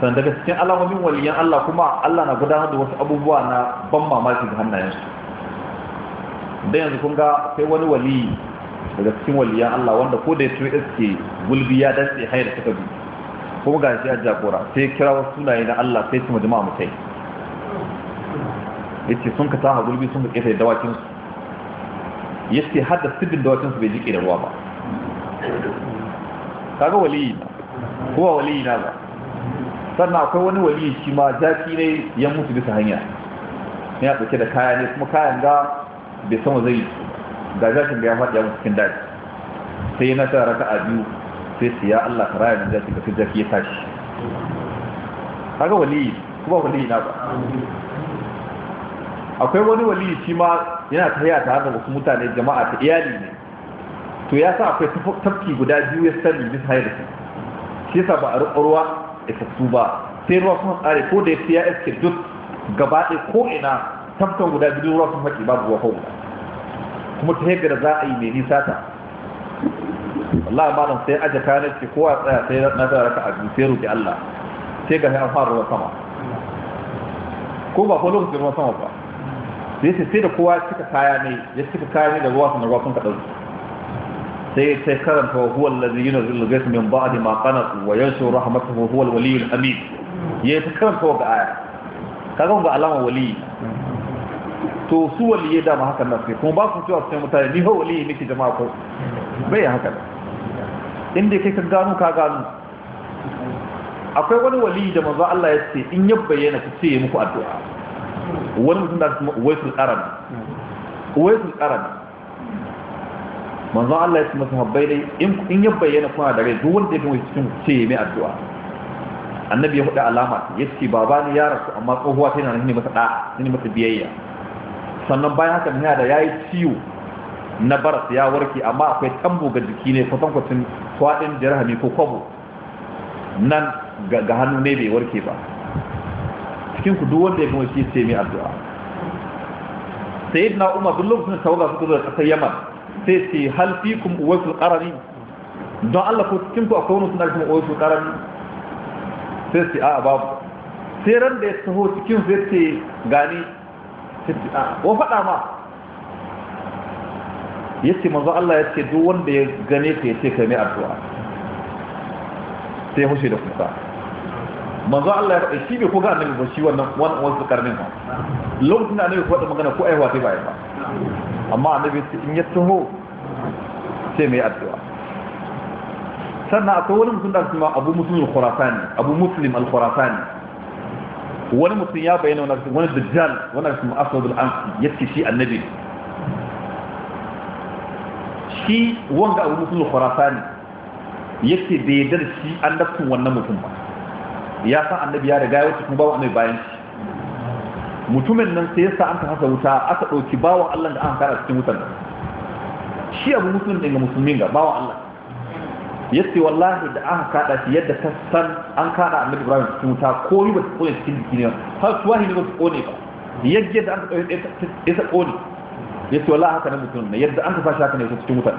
sannan daga cikin alamomin waliyan Allah kuma Allah na gudanar da wasu abubuwa na ban mamaki ga hannayensu dan yanzu kun ga sai wani wali daga cikin waliyan Allah wanda ko da ya tuwe iske gulbi ya dace hayar da suka bi kuma ga shi ya jagora sai kira wasu sunaye na Allah sai su mu kai yace sun ka taha gulbi sun ka kefe dawakin su yace har da sibin dawakin su bai jike da ruwa ba kaga waliyi na kowa waliyi na ba sannan akwai wani waliyi shi ma jaki ne ya mutu bisa hanya ya ɗauke da kaya ne kuma kayan ga bai sama zai ga jakin da ya faɗi ya mutu cikin daji sai yana sa raka a biyu sai su ya Allah ka raya nan jaki ga jaki ya tashi kaga waliyi kuma waliyi na ba akwai wani waliyi shi ma yana tafiya tare da wasu mutane jama'a ta iyali ne to ya sa akwai tafki guda biyu ya sani bisa hayar da su shi sa ba a riƙa ruwa da tasu ba sai ruwa sun tsare ko da ya siya iske duk gaba ɗaya ko ina tafkan guda biyu ruwa sun haƙi babu ruwa guda kuma ta yadda za a yi mai nisa ta Allah malam sai aje kanar ke kowa tsaya sai na zara raka a biyu sai roƙi Allah sai ga an fara ruwan sama ko ba ko lokacin ruwan sama ba sai sai da kowa cika kaya ne ya cika kaya ne da ruwa sun ruwa sun kaɗa sai sai karanta wa huwa allazi yunzilu ghaytha min ba'di ma qanat wa yanshuru rahmatahu huwa al-waliyul hamid yayi ta karanta wa aya kaga ga alama wali to su wali da ma haka nan sai kuma ba su cewa sai mutane ni ho wali miki jama'a ko bai haka inda kai ka gano ka gano akwai wani wali da manzo Allah ya ce in ya bayyana ku ce muku addu'a wani mutum da wasu qaran Wasu qaran manzo Allah ya kuma sahabbai dai in ya bayyana kuma da rai duk wanda ya kuma cikin ce mai addu'a annabi ya hudu alama ya ce baba ni ya rasu amma tsohuwa ta yana ne masa da ne masa biyayya sannan bayan haka ne da yayi ciwo na baras ya warke amma akwai tambo ga jiki ne kusan kwacin kwadin dirhami ko kwabo nan ga hannu ne bai warke ba cikin ku duk wanda ya kuma shi ce mai addu'a sayyidina umar duk lokacin da tawaga suka zo da kasar yaman sai ce hal kun uwaisul qarani don Allah ko cikin ku akwai wani suna cikin uwaisul qarani sai ce a babu sai ran da ya taho cikin sai ce gani wa faɗa ma ya ce manzo Allah ya ce duk wanda ya gane ka ya ce ka ne addu'a sai ya hushe da kusa manzo Allah ya faɗi shi bai ko ga annabi ba shi wannan wannan wasu karnin ba lokacin da annabi ko da magana ko aiwa sai ya ba amma annabi in ya taho sai mai addu'a sannan akwai wani mutum da kuma abu muslim al-khurasani abu muslim al-khurasani wani mutum ya bayyana wani wani dajjal wani mutum aswad al-ansi yace shi annabi shi wanda abu muslim al-khurasani yace bai yarda shi an annabtun wannan mutum ba ya san annabi ya riga ya wuce kuma babu annabi bayan shi mutumin nan sai ya sa an ta hasa wuta aka ɗauki bawan Allah da an kara cikin wutar nan shi abu musulun ɗin ga musulmin ga bawa Allah ya ce wallahi da aka kada shi yadda ta san an kada annabi ibrahim cikin wuta ko yi ba su kone cikin jiki ne har suwahi ne ba su kone ba yadda da an sa kone ya ce wallahi haka na mutum na yadda an ka fashi haka ne cikin wuta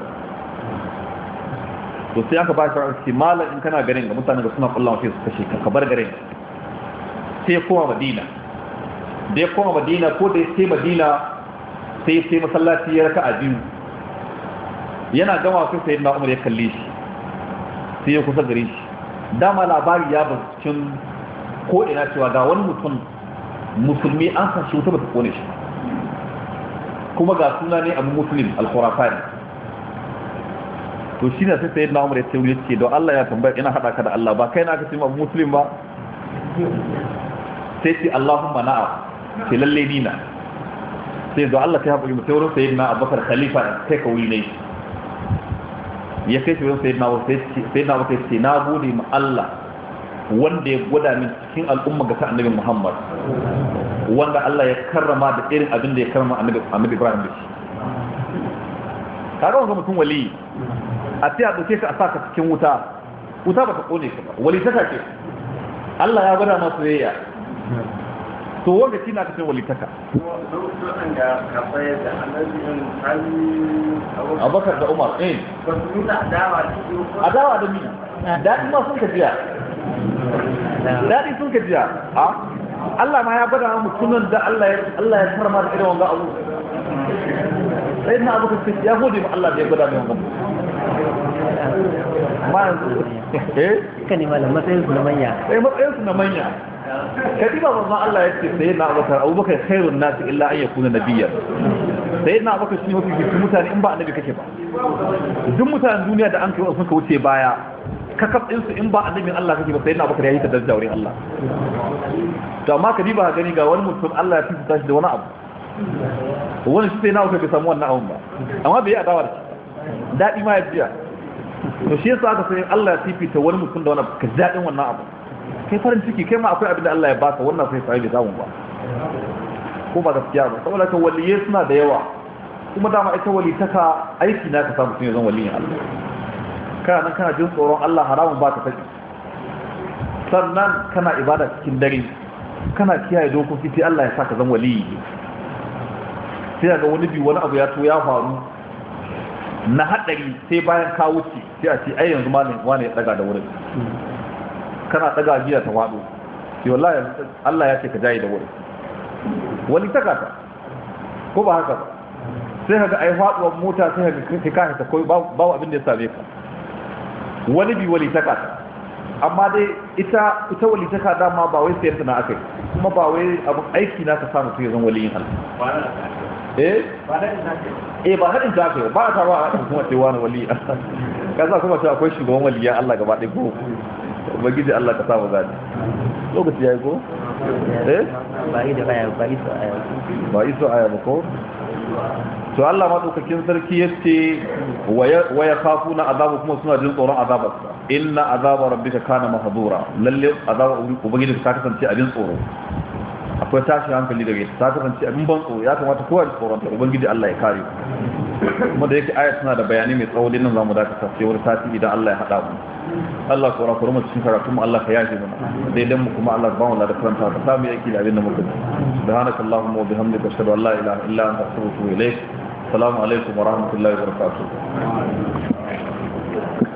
to sai aka shi ran ce malar in kana garin ga mutane da suna kullum sai su kashe ka bar garin sai ya koma madina da ya koma madina ko da ya sai madina sai ya sai masallaci ya raka a biyu yana gama sai na umar ya kalli shi sai ya kusa gari, shi dama labari ya ba cikin ko ina cewa ga wani mutum musulmi an san shi wuta ba ta kone shi kuma ga suna ne abu musulmi al to shi ne sai na umar ya ce ya ce don Allah ya tambaya ina hada ka da Allah ba kai na ka ce abu musulmi ba sai ce Allahumma na'a ce lalle ni na sai don Allah ta haɓa yi mutum sai na abubakar khalifa kai kawai wuri ne ya kai shi sai na wata ce na gode ma Allah wanda ya gwada min cikin al'umma ga ta annabi Muhammad wanda Allah ya karrama da irin abin da ya karrama annabi Ibrahim da shi kaga wanda mutum wali a ce a ɗauke ka a saka cikin wuta wuta ba ta kone ka ba wali ta ce Allah ya gwada masu yaya. to wanda shi na kasar walitaka abakar da umar eh adawa da mi daɗi ma sun kajiya daɗi sun kajiya a Allah ma ya gwada mutumin da Allah ya farma da irin wanga abu sai na abu kasar ya hudu ma Allah da ya gwada mai wanga ma yanzu eh ka ne malam matsayin su na manya eh matsayin su na manya kadi ba manzo Allah ya ce sai na abu abubakar khairun nas illa an yakuna nabiyya sai na abaka shi mafi fitin mutane in ba annabi kake ba duk mutanen duniya da an kai wasu wuce baya kakaf din su in ba annabi Allah kake ba sai na abubakar yayi ta daraja wurin Allah to amma kadi ba gani ga wani mutum Allah ya fita shi da wani abu wani shi sai na abaka ke samu wannan abun ba amma bai yi adawa daɗi ma ya biya to shi yasa aka sai Allah ya ta wani mutum da wani ka daɗin wannan abu kai farin ciki kai ma akwai abin da Allah ya baka wannan sai sai da zamu ba ko ba gaskiya ba saboda ka waliye suna da yawa kuma dama ita wali taka aiki na ka samu sun zan waliyin Allah kana nan kana jin tsoron Allah haramun ba ka saki sannan kana ibada cikin dare kana kiyaye dokoki sai Allah ya saka zan wali sai ga wani bi wani abu ya to ya faru na hadari sai bayan ka wuce sai a ce ai yanzu malam wani ya daga da wurin kana daga giya ta wado ki wallahi Allah ya ce ka jayi da wuri wani takata, ko ba haka sai kaga ai faduwar mota sai kaga kai ka ta koi babu abin da ya same ka wani bi wali takata, amma dai ita ita wali taka dama ba wai sayar na akai kuma ba wai abu aiki na ka samu sai zan waliyin Allah eh ba da eh ba hadin ta ba ta ba kuma cewa wali kaza kuma ta akwai shugaban waliya Allah gaba ɗaya ko ubangiji Allah ka samu gani lokaci ya ko eh? yi da ba yi so aya ba ko to Allah madaukakin sarki ce wa ya na azabu kuma suna jin tsoron azabar inna rabbi ka kana mahadura. lalle azaba ubangiji ka kasance abin tsoro akwai tashin hankali da ita ta kasance abin ban tsoro ya kamata kowa da tsoron ta ubangiji Allah ya kare kuma da yake ayat suna da bayani mai tsawo nan zamu dakata sai wani sati idan Allah ya haɗa mu Allah ku rakuru mu cikin karatu mu Allah ka yaje mana dai dan mu kuma Allah ba mu da karanta ka samu yake da abin da muka subhanaka allahumma wa bihamdika ashhadu an la ilaha illa anta astaghfiruka wa atubu ilayk assalamu alaikum wa rahmatullahi wa barakatuh